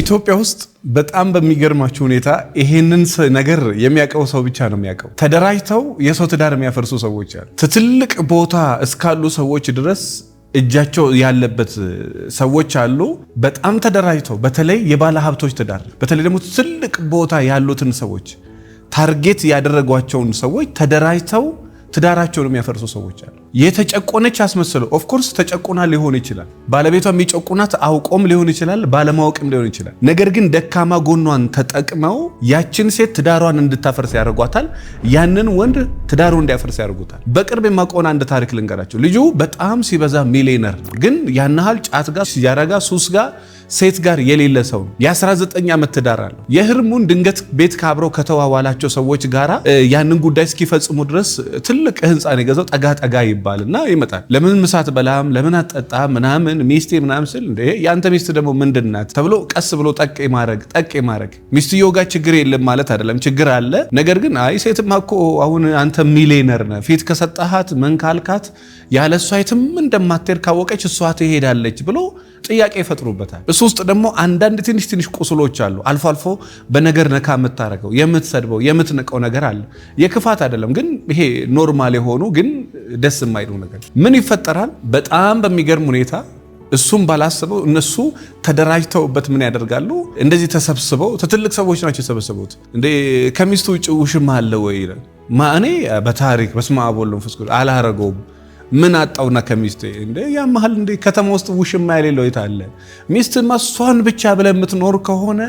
ኢትዮጵያ ውስጥ በጣም በሚገርማችሁ ሁኔታ ይሄንን ነገር የሚያውቀው ሰው ብቻ ነው የሚያውቀው። ተደራጅተው የሰው ትዳር የሚያፈርሱ ሰዎች አሉ። ትልቅ ቦታ እስካሉ ሰዎች ድረስ እጃቸው ያለበት ሰዎች አሉ። በጣም ተደራጅተው በተለይ የባለ ሀብቶች ትዳር፣ በተለይ ደግሞ ትልቅ ቦታ ያሉትን ሰዎች ታርጌት ያደረጓቸውን ሰዎች ተደራጅተው ትዳራቸውን የሚያፈርሱ ሰዎች አሉ። የተጨቆነች አስመስለው ኦፍኮርስ ተጨቆና ሊሆን ይችላል። ባለቤቷ የሚጨቁናት አውቆም ሊሆን ይችላል፣ ባለማወቅም ሊሆን ይችላል። ነገር ግን ደካማ ጎኗን ተጠቅመው ያችን ሴት ትዳሯን እንድታፈርስ ያደርጓታል። ያንን ወንድ ትዳሩ እንዲያፈርስ ያደርጉታል። በቅርብ የማውቀውን አንድ ታሪክ ልንገራቸው። ልጁ በጣም ሲበዛ ሚሊነር ግን ያናሃል ጫት ጋር ሲጃራ ሱስ ጋር ሴት ጋር የሌለ ሰው የ19 ዓመት ትዳር አለው። የህርሙን ድንገት ቤት ካብረው ከተዋዋላቸው ሰዎች ጋራ ያንን ጉዳይ እስኪፈጽሙ ድረስ ትልቅ ህንፃ ነው የገዛው። ጠጋ ጠጋ እና ይመጣል። ለምን ምሳት በላም ለምን አጠጣ ምናምን ሚስቴ ምናምን ስል የአንተ ሚስት ደግሞ ምንድን ናት ተብሎ ቀስ ብሎ ጠቅ ማድረግ ጠቅ ማድረግ ሚስትየው ጋር ችግር የለም ማለት አይደለም፣ ችግር አለ። ነገር ግን አይ ሴትማ እኮ አሁን አንተ ሚሊነር ነህ፣ ፊት ከሰጠሃት መንካልካት ያለሷ የትም እንደማትሄድ ካወቀች እሷ ትሄዳለች ብሎ ጥያቄ ይፈጥሩበታል። እሱ ውስጥ ደግሞ አንዳንድ ትንሽ ትንሽ ቁስሎች አሉ። አልፎ አልፎ በነገር ነካ የምታደርገው የምትሰድበው፣ የምትንቀው ነገር አለ። የክፋት አይደለም ግን ይሄ ኖርማል የሆኑ ግን ደስ የማይሉ ነገር ምን ይፈጠራል? በጣም በሚገርም ሁኔታ እሱም ባላስበው እነሱ ተደራጅተውበት ምን ያደርጋሉ? እንደዚህ ተሰብስበው ትልቅ ሰዎች ናቸው የሰበሰቡት። እንዴ ከሚስቱ ውጭ ውሽማ አለ ወይ? እኔ በታሪክ በስመ አብ ወወልድ ወመንፈስ ቅዱስ አላረገውም ምን አጣውና ከሚስቴ እንደ ያመሃል እንደ ከተማ ውስጥ ውሽማ የሌለው የታለ? ሚስት ማሷን ብቻ ብለህ የምትኖር ከሆነ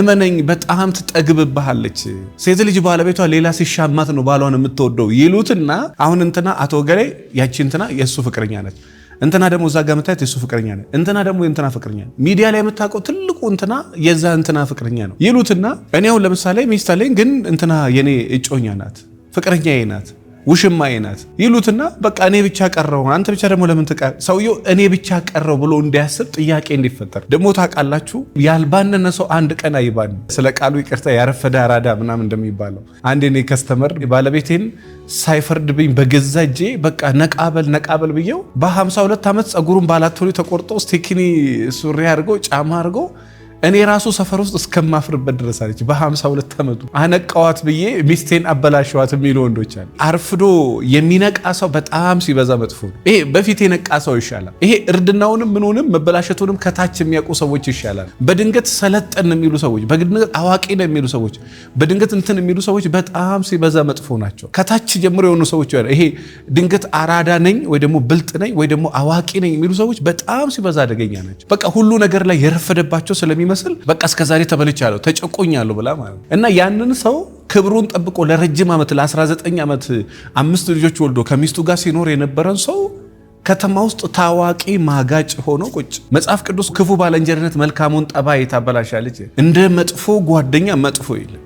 እመነኝ በጣም ትጠግብብሃለች። ሴት ልጅ ባለቤቷ ሌላ ሲሻማት ነው ባሏን የምትወደው ይሉትና አሁን እንትና አቶ ገሌ ያቺ እንትና የእሱ ፍቅረኛ ነች፣ እንትና ደግሞ እዛ ጋር የምታየት የእሱ ፍቅረኛ ነች፣ እንትና ደግሞ የእንትና ፍቅረኛ ሚዲያ ላይ የምታውቀው ትልቁ እንትና የዛ እንትና ፍቅረኛ ነው ይሉትና እኔ አሁን ለምሳሌ ሚስት አለኝ፣ ግን እንትና የኔ እጮኛ ናት፣ ፍቅረኛዬ ናት ውሽማዬ ናት ይሉትና በቃ እኔ ብቻ ቀረው፣ አንተ ብቻ ደግሞ ለምን ትቀር፣ ሰውየው እኔ ብቻ ቀረው ብሎ እንዲያስብ ጥያቄ እንዲፈጠር ደግሞ ታውቃላችሁ፣ ያልባነነ ሰው አንድ ቀን አይባን። ስለ ቃሉ ይቅርታ፣ ያረፈደ አራዳ ምናምን እንደሚባለው አንድ እኔ ከስተመር ባለቤቴን ሳይፈርድብኝ በገዛ እጄ በቃ ነቃበል ነቃበል ብየው በ52 ዓመት ፀጉሩን ባላቶኒ ተቆርጦ ስቴኪኒ ሱሪ አድርጎ ጫማ አድርጎ እኔ ራሱ ሰፈር ውስጥ እስከማፍርበት ድረስ አለች። በ52 ዓመቱ አነቃዋት ብዬ ሚስቴን አበላሸዋት የሚሉ ወንዶች አለ። አርፍዶ የሚነቃ ሰው በጣም ሲበዛ መጥፎ ነው። ይሄ በፊት የነቃ ሰው ይሻላል። ይሄ እርድናውንም ምንሆንም መበላሸቱንም ከታች የሚያውቁ ሰዎች ይሻላል። በድንገት ሰለጠን የሚሉ ሰዎች፣ በድንገት አዋቂ ነው የሚሉ ሰዎች፣ በድንገት እንትን የሚሉ ሰዎች በጣም ሲበዛ መጥፎ ናቸው። ከታች ጀምሮ የሆኑ ሰዎች ይሄ ድንገት አራዳ ነኝ ወይ ደግሞ ብልጥ ነኝ ወይ ደግሞ አዋቂ ነኝ የሚሉ ሰዎች በጣም ሲበዛ አደገኛ ናቸው። በቃ ሁሉ ነገር ላይ የረፈደባቸው ስለሚ ስለሚመስል በቃ እስከዛሬ ተበልቻለሁ ተጨቆኛለሁ ብላ ማለት እና ያንን ሰው ክብሩን ጠብቆ ለረጅም ዓመት ለ19 ዓመት አምስት ልጆች ወልዶ ከሚስቱ ጋር ሲኖር የነበረን ሰው ከተማ ውስጥ ታዋቂ ማጋጭ ሆኖ ቁጭ። መጽሐፍ ቅዱስ ክፉ ባለንጀርነት መልካሙን ጠባይ ታበላሻለች። እንደ መጥፎ ጓደኛ መጥፎ የለም።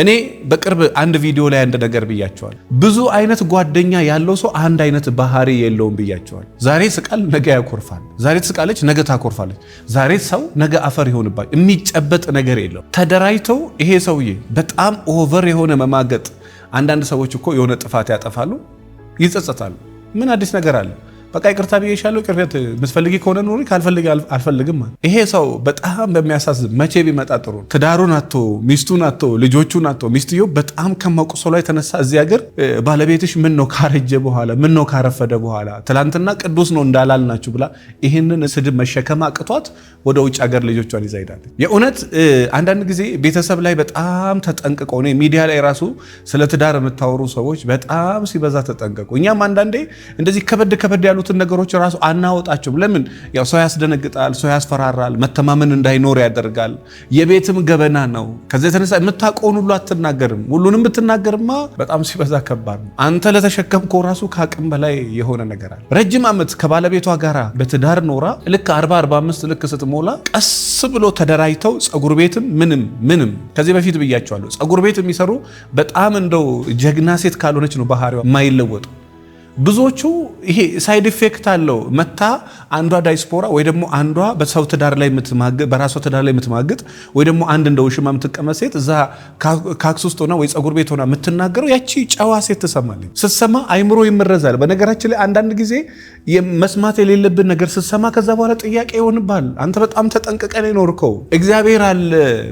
እኔ በቅርብ አንድ ቪዲዮ ላይ አንድ ነገር ብያቸዋል። ብዙ አይነት ጓደኛ ያለው ሰው አንድ አይነት ባህሪ የለውም ብያቸዋል። ዛሬ ስቃል ነገ ያኮርፋል፣ ዛሬ ትስቃለች ነገ ታኮርፋለች፣ ዛሬ ሰው ነገ አፈር ይሆንባል። የሚጨበጥ ነገር የለው። ተደራጅተው ይሄ ሰውዬ በጣም ኦቨር የሆነ መማገጥ። አንዳንድ ሰዎች እኮ የሆነ ጥፋት ያጠፋሉ፣ ይጸጸታሉ። ምን አዲስ ነገር አለ? በቃ ይቅርታ ብዬሻለሁ። ቅርት ምስፈልጊ ከሆነ ኑሪ፣ ካልፈልግ አልፈልግም። ይሄ ሰው በጣም በሚያሳዝን መቼ ቢመጣ ጥሩ ትዳሩን አቶ ሚስቱን አቶ ልጆቹን አቶ ሚስትዮ በጣም ከመቁሰሏ የተነሳ እዚህ ሀገር ባለቤትሽ ምን ነው ካረጀ በኋላ ምን ነው ካረፈደ በኋላ ትላንትና ቅዱስ ነው እንዳላልናችሁ ብላ ይህንን ስድብ መሸከም አቅቷት ወደ ውጭ ሀገር ልጆቿን ይዛ ሄዳለች። የእውነት አንዳንድ ጊዜ ቤተሰብ ላይ በጣም ተጠንቅቆ ነው ሚዲያ ላይ ራሱ ስለ ትዳር የምታወሩ ሰዎች በጣም ሲበዛ ተጠንቀቁ። እኛም አንዳንዴ እንደዚህ ከበድ ከበድ ያሉ ያሉትን ነገሮች ራሱ አናወጣቸውም። ለምን? ያው ሰው ያስደነግጣል፣ ሰው ያስፈራራል፣ መተማመን እንዳይኖር ያደርጋል። የቤትም ገበና ነው። ከዚ የተነሳ የምታውቀውን ሁሉ አትናገርም። ሁሉንም ብትናገርማ በጣም ሲበዛ ከባድ ነው። አንተ ለተሸከምከው ራሱ ከአቅም በላይ የሆነ ነገር አለ። ረጅም ዓመት ከባለቤቷ ጋራ በትዳር ኖራ ልክ 45 ልክ ስትሞላ ቀስ ብሎ ተደራጅተው ጸጉር ቤትም ምንም ምንም ከዚህ በፊት ብያቸዋለሁ። ጸጉር ቤት የሚሰሩ በጣም እንደው ጀግና ሴት ካልሆነች ነው ባህሪዋ የማይለወጡ ብዙዎቹ ይሄ ሳይድ ኢፌክት አለው። መታ አንዷ ዳይስፖራ ወይ ደግሞ አንዷ በሰው ትዳር ላይ የምትማግጥ በራሷ ትዳር ላይ የምትማግጥ ወይ ደግሞ አንድ እንደ ውሽማ የምትቀመጥ ሴት እዛ ካክስ ውስጥ ሆና ወይ ፀጉር ቤት ሆና የምትናገረው ያቺ ጨዋ ሴት ትሰማለች። ስትሰማ አይምሮ ይመረዛል። በነገራችን ላይ አንዳንድ ጊዜ መስማት የሌለብን ነገር ስትሰማ ከዛ በኋላ ጥያቄ ይሆንባል። አንተ በጣም ተጠንቅቀን ይኖርከው እግዚአብሔር አለ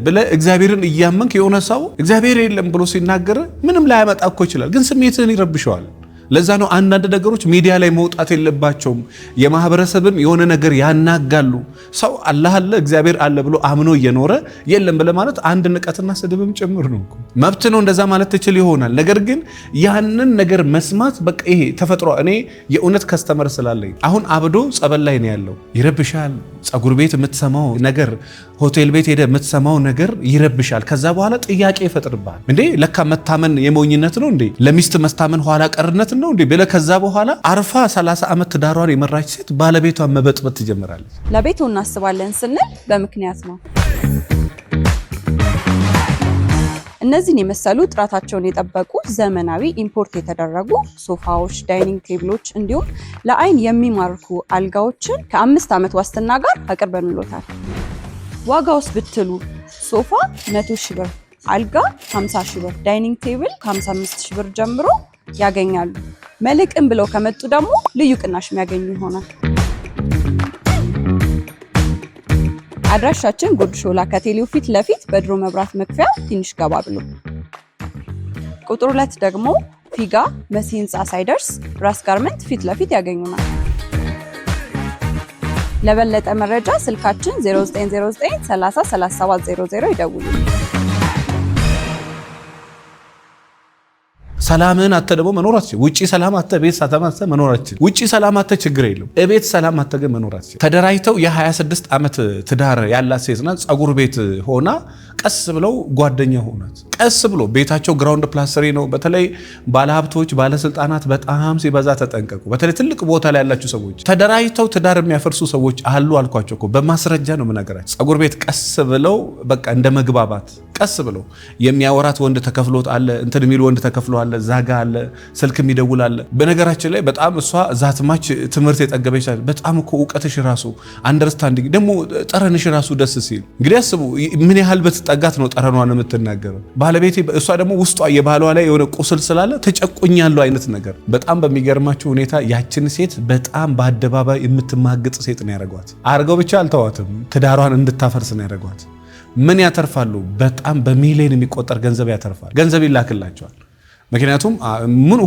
ብለ እግዚአብሔርን እያመንክ የሆነ ሰው እግዚአብሔር የለም ብሎ ሲናገር ምንም ላያመጣ እኮ ይችላል፣ ግን ስሜትህን ይረብሸዋል። ለዛ ነው አንዳንድ ነገሮች ሚዲያ ላይ መውጣት የለባቸውም። የማህበረሰብም የሆነ ነገር ያናጋሉ። ሰው አላህ አለ እግዚአብሔር አለ ብሎ አምኖ እየኖረ የለም ብለማለት ማለት አንድ ንቀትና ስድብም ጭምር ነው። መብት ነው እንደዛ ማለት ትችል ይሆናል። ነገር ግን ያንን ነገር መስማት በቃ ይሄ ተፈጥሮ። እኔ የእውነት ከስተመር ስላለኝ አሁን አብዶ ጸበል ላይ ነው ያለው። ይረብሻል። ጸጉር ቤት የምትሰማው ነገር ሆቴል ቤት ሄደ የምትሰማው ነገር ይረብሻል። ከዛ በኋላ ጥያቄ ይፈጥርብሃል። እንዴ ለካ መታመን የሞኝነት ነው እንዴ ለሚስት መስታመን ኋላ ቀርነት ነው እንዴ ብለህ ከዛ በኋላ አርፋ 30 ዓመት ትዳሯን የመራች ሴት ባለቤቷን መበጥበት ትጀምራለች። ለቤቱ እናስባለን ስንል በምክንያት ነው። እነዚህን የመሰሉ ጥራታቸውን የጠበቁ ዘመናዊ ኢምፖርት የተደረጉ ሶፋዎች፣ ዳይኒንግ ቴብሎች እንዲሁም ለአይን የሚማርኩ አልጋዎችን ከአምስት ዓመት ዋስትና ጋር አቅርበንሎታል። ዋጋ ውስጥ ብትሉ ሶፋ 100 ሺህ ብር፣ አልጋ 50 ሺህ ብር፣ ዳይኒንግ ቴብል ከ55 ሺህ ብር ጀምሮ ያገኛሉ። መልሕቅን ብለው ከመጡ ደግሞ ልዩ ቅናሽ የሚያገኙ ይሆናል። አድራሻችን ጉርድ ሾላ ከቴሌው ፊት ለፊት በድሮ መብራት መክፈያ ትንሽ ገባ ብሎ፣ ቁጥር ሁለት ደግሞ ፊጋ መሲ ህንፃ ሳይደርስ ራስ ጋርመንት ፊት ለፊት ያገኙናል። ለበለጠ መረጃ ስልካችን 0909 30 37 00 ይደውሉልን። ሰላምን አተ ደግሞ መኖር አትችልም። ውጭ ሰላም አተ ቤት ሰላም አተ መኖር አትችልም። ውጭ ሰላም አተ ችግር የለም። እቤት ሰላም አተ ግን መኖር አትችልም። ተደራጅተው የ26 ዓመት ትዳር ያላት ሴትና ጸጉር ቤት ሆና ቀስ ብለው ጓደኛ ሆናት። ቀስ ብሎ ቤታቸው ግራውንድ ፕላስሪ ነው። በተለይ ባለሀብቶች፣ ባለስልጣናት በጣም ሲበዛ ተጠንቀቁ። በተለይ ትልቅ ቦታ ላይ ያላችሁ ሰዎች ተደራጅተው ትዳር የሚያፈርሱ ሰዎች አሉ። አልኳቸው በማስረጃ ነው የምነግራቸው። ጸጉር ቤት ቀስ ብለው በቃ እንደ መግባባት ቀስ ብሎ የሚያወራት ወንድ ተከፍሎት አለ፣ እንትን የሚል ወንድ ተከፍሎ አለ፣ ዛጋ አለ፣ ስልክ የሚደውል አለ። በነገራችን ላይ በጣም እሷ ዛትማች ትምህርት የጠገበች በጣም እኮ እውቀትሽ ራሱ አንደርስታንዲንግ ደግሞ ጠረንሽ ራሱ ደስ ሲል እንግዲህ አስቡ፣ ምን ያህል በትጠጋት ነው ጠረኗን የምትናገረው ባለቤቴ። እሷ ደግሞ ውስጧ የባሏ ላይ የሆነ ቁስል ስላለ ተጨቁኛለሁ አይነት ነገር። በጣም በሚገርማቸው ሁኔታ ያችን ሴት በጣም በአደባባይ የምትማግጥ ሴት ነው ያደረጓት። አርገው ብቻ አልተዋትም፣ ትዳሯን እንድታፈርስ ነው ያደረጓት። ምን ያተርፋሉ? በጣም በሚሊዮን የሚቆጠር ገንዘብ ያተርፋል። ገንዘብ ይላክላቸዋል። ምክንያቱም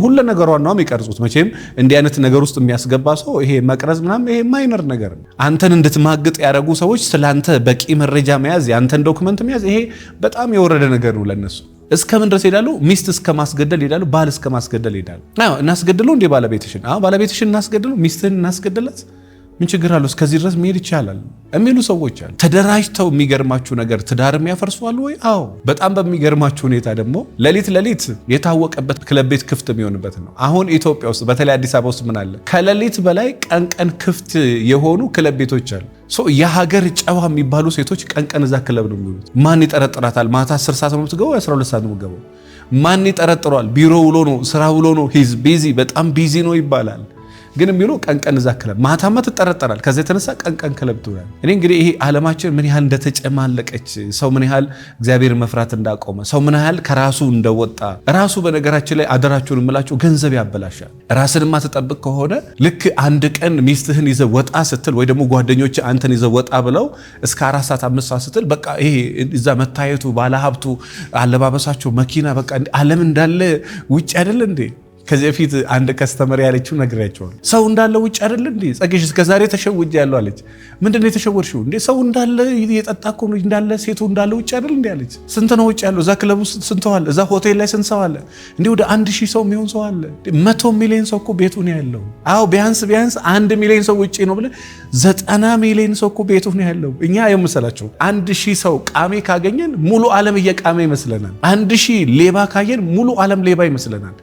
ሁለ ነገሯ ነው የሚቀርጹት። መቼም እንዲህ አይነት ነገር ውስጥ የሚያስገባ ሰው ይሄ መቅረጽ ምናምን ይሄ ማይነር ነገር ነው። አንተን እንድትማግጥ ያደረጉ ሰዎች ስለአንተ በቂ መረጃ መያዝ፣ የአንተን ዶክመንት መያዝ ይሄ በጣም የወረደ ነገር ነው ለነሱ። እስከ ምን ድረስ ሄዳሉ ሚስት እስከ ማስገደል ሄዳሉ። ባል እስከ ማስገደል ሄዳሉ። እናስገድለው እንዴ ባለቤትሽን? ባለቤትሽን እናስገድለው፣ ሚስትህን እናስገድላት ምን ችግር አለው? እስከዚህ ድረስ መሄድ ይቻላል የሚሉ ሰዎች አሉ። ተደራጅተው የሚገርማችሁ ነገር ትዳርም ያፈርሷሉ ወይ? አዎ። በጣም በሚገርማችሁ ሁኔታ ደግሞ ሌሊት ሌሊት የታወቀበት ክለብ ቤት ክፍት የሚሆንበት ነው። አሁን ኢትዮጵያ ውስጥ በተለይ አዲስ አበባ ውስጥ ምን አለ? ከሌሊት በላይ ቀንቀን ክፍት የሆኑ ክለብ ቤቶች አሉ። የሀገር ጨዋ የሚባሉ ሴቶች ቀንቀን እዛ ክለብ ነው የሚሉት። ማን ይጠረጥራታል? ማታ 10 ሰዓት ነው የምትገባው፣ 12 ሰዓት ነው የምትገባው። ማን ይጠረጥሯል? ቢሮ ውሎ ነው፣ ስራ ውሎ ነው፣ ሂዝ ቢዚ፣ በጣም ቢዚ ነው ይባላል። ግን የሚሉ ቀን ቀን እዛ ክለብ ማታማ ትጠረጠራል። ከዚ የተነሳ ቀን ቀን ክለብ ትውላል። እኔ እንግዲህ ይሄ ዓለማችን ምን ያህል እንደተጨማለቀች ሰው ምን ያህል እግዚአብሔር መፍራት እንዳቆመ ሰው ምን ያህል ከራሱ እንደወጣ ራሱ በነገራችን ላይ አደራችሁን የምላቸው ገንዘብ ያበላሻል። ራስን ማትጠብቅ ከሆነ ልክ አንድ ቀን ሚስትህን ይዘ ወጣ ስትል ወይ ደግሞ ጓደኞች አንተን ይዘ ወጣ ብለው እስከ አራት ሰዓት አምስት ሰዓት ስትል በቃ ይሄ እዛ መታየቱ ባለሀብቱ፣ አለባበሳቸው፣ መኪና በቃ ዓለም እንዳለ ውጭ አይደለ እንዴ? ከዚህ በፊት አንድ ከስተመር ያለችው ነግሬያቸዋለሁ። ሰው እንዳለ ውጭ አይደለ እንዴ ጸጌሽ፣ እስከዛሬ ተሸውጅ ያለው አለች። ምንድነው የተሸወርሽው እንዴ? ሰው እንዳለ የጠጣ እኮ እንዳለ ሴቱ እንዳለ ውጭ አይደል እንዴ አለች። ስንት ነው ውጭ ያለው? እዛ ክለቡ ስንት ሰው አለ? እዛ ሆቴል ላይ ስንት ሰው አለ? እንዲ ወደ አንድ ሺህ ሰው የሚሆን ሰው አለ። መቶ ሚሊዮን ሰው እኮ ቤቱ ነው ያለው። አዎ ቢያንስ ቢያንስ አንድ ሚሊዮን ሰው ውጭ ነው ብለ ዘጠና ሚሊዮን ሰው እኮ ቤቱ ነው ያለው። እኛ የምሰላቸው አንድ ሺህ ሰው ቃሜ ካገኘን ሙሉ ዓለም እየቃሜ ይመስለናል። አንድ ሺህ ሌባ ካየን ሙሉ ዓለም ሌባ ይመስለናል።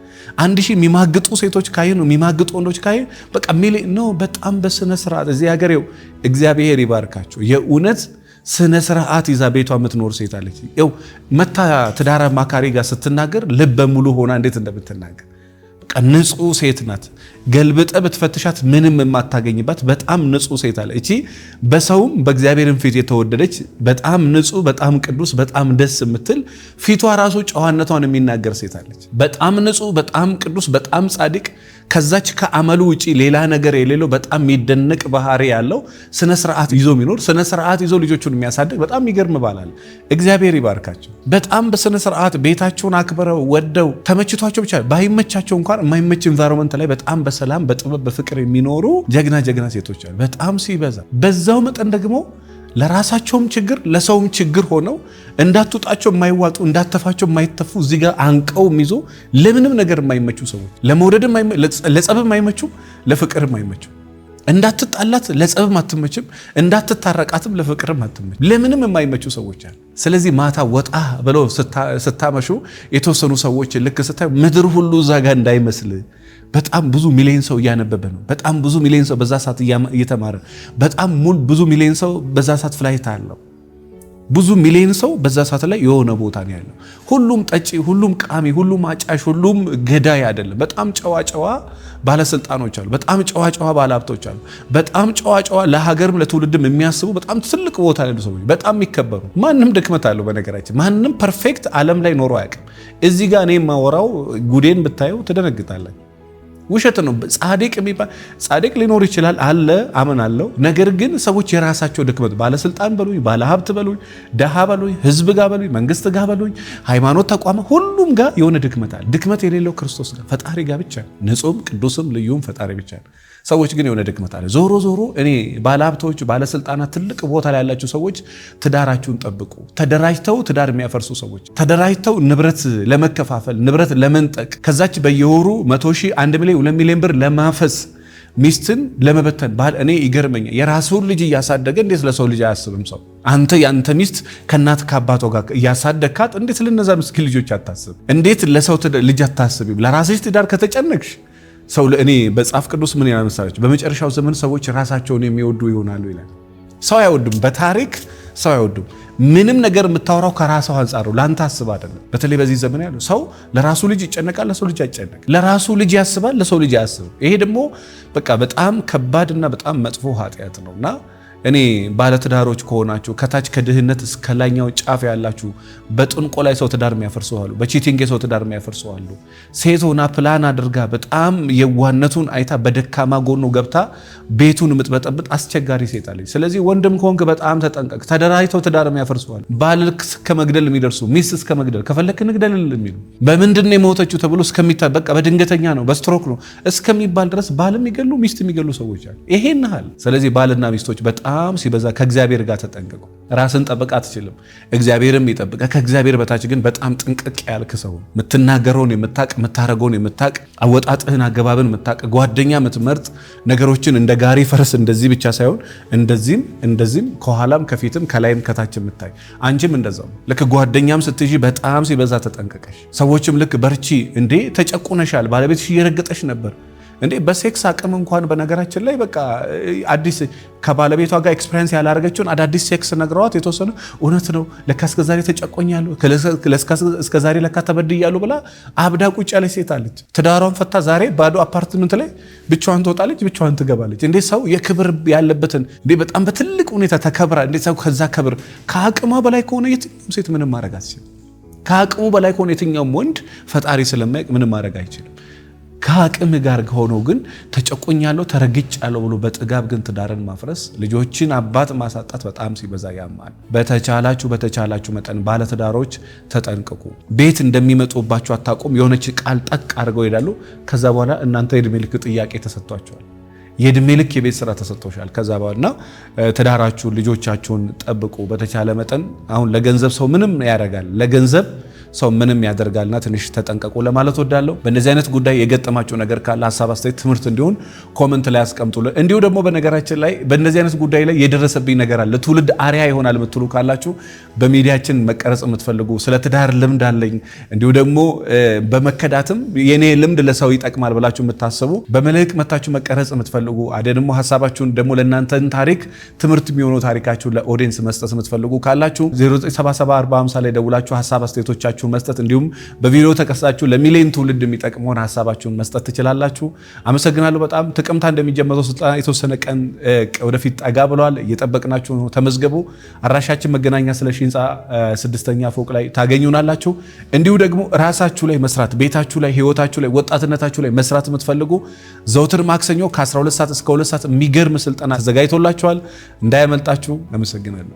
አንድ ሺህ የሚማግጡ ሴቶች ካዩ የሚማግጡ ወንዶች ካዩ በቃ ሚል ነው። በጣም በስነ ስርዓት እዚህ ሀገር ው እግዚአብሔር ይባርካቸው። የእውነት ስነ ስርዓት ይዛ ቤቷ የምትኖር ሴት አለች። ው መታ ትዳር አማካሪ ጋር ስትናገር ልበ ሙሉ ሆና እንዴት እንደምትናገር በቃ ንጹህ ሴት ናት። ገልብጠ ብትፈትሻት ምንም የማታገኝባት በጣም ንጹህ ሴት አለ። እቺ በሰውም በእግዚአብሔርም ፊት የተወደደች በጣም ንጹህ፣ በጣም ቅዱስ፣ በጣም ደስ የምትል ፊቷ ራሱ ጨዋነቷን የሚናገር ሴት አለች። በጣም ንጹህ፣ በጣም ቅዱስ፣ በጣም ጻድቅ ከዛች ከአመሉ ውጪ ሌላ ነገር የሌለው በጣም የሚደነቅ ባህሪ ያለው ስነ ስርዓት ይዞ የሚኖር ስነ ስርዓት ይዞ ልጆቹን የሚያሳድግ በጣም ይገርም ባላል። እግዚአብሔር ይባርካቸው። በጣም በስነ ስርዓት ቤታቸውን አክብረው ወደው ተመችቷቸው ብቻ ባይመቻቸው እንኳን የማይመች ኢንቫይሮንመንት ላይ በጣም በሰላም በጥበብ በፍቅር የሚኖሩ ጀግና ጀግና ሴቶች አሉ በጣም ሲበዛ። በዛው መጠን ደግሞ ለራሳቸውም ችግር ለሰውም ችግር ሆነው እንዳትውጣቸው የማይዋጡ እንዳተፋቸው የማይተፉ እዚህ ጋር አንቀውም ይዞ ለምንም ነገር የማይመቹ ሰዎች ለመውደድ ለጸብ የማይመቹ ለፍቅር የማይመቹ እንዳትጣላት ለጸብም አትመችም፣ እንዳትታረቃትም ለፍቅርም አትመች፣ ለምንም የማይመቹ ሰዎች አሉ። ስለዚህ ማታ ወጣ ብለው ስታመሹ የተወሰኑ ሰዎች ልክ ስታዩ ምድር ሁሉ እዛ ጋር እንዳይመስል በጣም ብዙ ሚሊዮን ሰው እያነበበ ነው። በጣም ብዙ ሚሊዮን ሰው በዛ ሰዓት እየተማረ በጣም ሙሉ ብዙ ሚሊዮን ሰው በዛ ሰዓት ፍላይት አለው። ብዙ ሚሊዮን ሰው በዛ ሰዓት ላይ የሆነ ቦታ ነው ያለው። ሁሉም ጠጪ፣ ሁሉም ቃሚ፣ ሁሉም አጫሽ፣ ሁሉም ገዳይ አይደለም። በጣም ጨዋ ጨዋ ባለስልጣኖች አሉ። በጣም ጨዋ ጨዋ ባለሀብቶች አሉ። በጣም ጨዋ ጨዋ ለሀገርም ለትውልድም የሚያስቡ በጣም ትልቅ ቦታ ያሉ ሰዎች በጣም የሚከበሩ ማንም ድክመት አለው። በነገራችን ማንም ፐርፌክት ዓለም ላይ ኖሮ አያውቅም። እዚህ ጋር እኔ የማወራው ጉዴን ብታየው ትደነግጣለን። ውሸት ነው። ጻድቅ የሚባል ጻድቅ ሊኖር ይችላል አለ አምናለሁ። ነገር ግን ሰዎች የራሳቸው ድክመት ባለስልጣን በሉኝ፣ ባለሀብት በሉኝ፣ ደሃ በሉኝ፣ ህዝብ ጋር በሉኝ፣ መንግስት ጋር በሉኝ፣ ሃይማኖት ተቋማ ሁሉም ጋር የሆነ ድክመት አለ። ድክመት የሌለው ክርስቶስ ጋር ፈጣሪ ጋር ብቻ፣ ንጹህም ቅዱስም ልዩም ፈጣሪ ብቻ ነው። ሰዎች ግን የሆነ ድክመት አለ። ዞሮ ዞሮ እኔ ባለሀብቶች፣ ባለስልጣናት፣ ትልቅ ቦታ ላይ ያላችሁ ሰዎች ትዳራችሁን ጠብቁ። ተደራጅተው ትዳር የሚያፈርሱ ሰዎች ተደራጅተው ንብረት ለመከፋፈል ንብረት ለመንጠቅ ከዛች በየወሩ መቶ ሺህ አንድ ሚሊዮን ሁለት ሚሊዮን ብር ለማፈስ ሚስትን ለመበተን ባል እኔ ይገርመኛል። የራሱን ልጅ እያሳደገ እንዴት ለሰው ልጅ አያስብም? ሰው አንተ የአንተ ሚስት ከእናት ከአባቶ ጋር እያሳደግካት እንዴት ለነዛ ምስኪን ልጆች አታስብ? እንዴት ለሰው ልጅ አታስብም? ለራስሽ ትዳር ከተጨነቅሽ ሰው ለእኔ በመጽሐፍ ቅዱስ ምን ይላል መሰላችሁ? በመጨረሻው ዘመን ሰዎች ራሳቸውን የሚወዱ ይሆናሉ ይላል። ሰው አይወዱም፣ በታሪክ ሰው አይወዱም። ምንም ነገር የምታወራው ከራሰው አንጻር ነው፣ ለአንተ አስብ አይደለም። በተለይ በዚህ ዘመን ያለው ሰው ለራሱ ልጅ ይጨነቃል፣ ለሰው ልጅ አይጨነቅ። ለራሱ ልጅ ያስባል፣ ለሰው ልጅ አያስብም። ይሄ ደግሞ በቃ በጣም ከባድና በጣም መጥፎ ኃጢአት ነውና እኔ ባለትዳሮች ከሆናችሁ ከታች ከድህነት እስከ ላይኛው ጫፍ ያላችሁ በጥንቆ ላይ ሰው ትዳር የሚያፈርሱ አሉ። በቺቲንግ የሰው ትዳር የሚያፈርሱ አሉ። ሴት ሆና ፕላን አድርጋ በጣም የዋነቱን አይታ በደካማ ጎኑ ገብታ ቤቱን የምትበጠብጥ አስቸጋሪ ሴት አለች። ስለዚህ ወንድም ከሆንክ በጣም ተጠንቀቅ። ተደራጅተው ትዳር የሚያፈርሱ አሉ። ባል እስከ መግደል የሚደርሱ ሚስት እስከ መግደል ከፈለክ ንግደል የሚሉ በምንድን ነው የሞተችው ተብሎ እስከሚታ በቃ በድንገተኛ ነው በስትሮክ ነው እስከሚባል ድረስ ባል የሚገሉ ሚስት የሚገሉ ሰዎች አሉ። ይሄን ያህል ስለዚህ ባልና ሚስቶች በጣም በጣም ሲበዛ ከእግዚአብሔር ጋር ተጠንቅቁ። ራስን ጠብቅ አትችልም፣ እግዚአብሔርም ይጠብቀ። ከእግዚአብሔር በታች ግን በጣም ጥንቅቅ ያልክ ሰው የምትናገረውን የምታቅ የምታረገውን የምታቅ አወጣጥህን አገባብን የምታቅ ጓደኛ የምትመርጥ ነገሮችን እንደ ጋሪ ፈረስ እንደዚህ ብቻ ሳይሆን እንደዚህም እንደዚህም ከኋላም ከፊትም ከላይም ከታች የምታይ አንቺም እንደዛው ልክ ጓደኛም ስትይ በጣም ሲበዛ ተጠንቅቀሽ ሰዎችም ልክ በርቺ እንዴ ተጨቁነሻል ባለቤትሽ እየረገጠሽ ነበር እንዴ በሴክስ አቅም እንኳን በነገራችን ላይ በቃ አዲስ ከባለቤቷ ጋር ኤክስፔሪንስ ያላደረገችውን አዳዲስ ሴክስ ነግረዋት የተወሰኑ እውነት ነው ለካ እስከዛሬ ተጨቆኛሉ እስከዛሬ ለካ ተበድያሉ ብላ አብዳ ቁጭ ያለች ሴት አለች። ትዳሯን ፈታ ዛሬ ባዶ አፓርትመንት ላይ ብቻዋን ትወጣለች፣ ብቻዋን ትገባለች። እንዴ ሰው የክብር ያለበትን እንዴ በጣም በትልቅ ሁኔታ ተከብራ እንዴ ሰው ከዛ ክብር ከአቅሟ በላይ ከሆነ የትኛውም ሴት ምንም ማድረግ አትችልም። ከአቅሙ በላይ ከሆነ የትኛውም ወንድ ፈጣሪ ስለማያውቅ ምንም ማድረግ አይችልም። ከአቅም ጋር ከሆኖ ግን ተጨቁኛለሁ ተረግጫለሁ ብሎ በጥጋብ ግን ትዳርን ማፍረስ ልጆችን አባት ማሳጣት በጣም ሲበዛ ያማል። በተቻላችሁ በተቻላችሁ መጠን ባለትዳሮች ተጠንቅቁ። ቤት እንደሚመጡባችሁ አታውቁም። የሆነች ቃል ጠቅ አድርገው ይሄዳሉ። ከዛ በኋላ እናንተ የእድሜ ልክ ጥያቄ ተሰጥቷቸዋል። የእድሜ ልክ የቤት ስራ ተሰጥቶሻል። ከዛ በኋላ ትዳራችሁን ልጆቻችሁን ጠብቁ። በተቻለ መጠን አሁን ለገንዘብ ሰው ምንም ያደርጋል ለገንዘብ ሰው ምንም ያደርጋልና ትንሽ ተጠንቀቁ ለማለት ወዳለሁ። በእንደዚህ አይነት ጉዳይ የገጠማቸው ነገር ካለ ሀሳብ፣ አስተያየት፣ ትምህርት እንዲሆን ኮመንት ላይ አስቀምጡ። እንዲሁ ደግሞ በነገራችን ላይ በእንደዚህ አይነት ጉዳይ ላይ የደረሰብኝ ነገር አለ ለትውልድ አሪያ ይሆናል የምትሉ ካላችሁ በሚዲያችን መቀረጽ የምትፈልጉ ስለ ትዳር ልምድ አለኝ እንዲሁ ደግሞ በመከዳትም የኔ ልምድ ለሰው ይጠቅማል ብላችሁ የምታስቡ በመልህቅ መታችሁ መቀረጽ የምትፈልጉ አደ ደግሞ ሀሳባችሁን ደግሞ ለእናንተን ታሪክ ትምህርት የሚሆነው ታሪካችሁ ለኦዲየንስ መስጠት የምትፈልጉ ካላችሁ 0774 ላይ ደውላችሁ ሀሳብ አስተያየቶቻችሁ ሀሳባችሁን መስጠት እንዲሁም በቪዲዮ ተቀሳችሁ ለሚሊዮን ትውልድ የሚጠቅመውን ሀሳባችሁን መስጠት ትችላላችሁ። አመሰግናለሁ። በጣም ጥቅምታ እንደሚጀመረው ስልጠና የተወሰነ ቀን ወደፊት ጠጋ ብለዋል። እየጠበቅናችሁ ነው። ተመዝገቡ። አድራሻችን መገናኛ ስለሺ ህንፃ ስድስተኛ ፎቅ ላይ ታገኙናላችሁ። እንዲሁ ደግሞ ራሳችሁ ላይ መስራት ቤታችሁ ላይ ህይወታችሁ ላይ ወጣትነታችሁ ላይ መስራት የምትፈልጉ ዘውትር ማክሰኞ ከ12 ሰዓት እስከ 2 ሰዓት የሚገርም ስልጠና ተዘጋጅቶላችኋል። እንዳያመልጣችሁ። አመሰግናለሁ።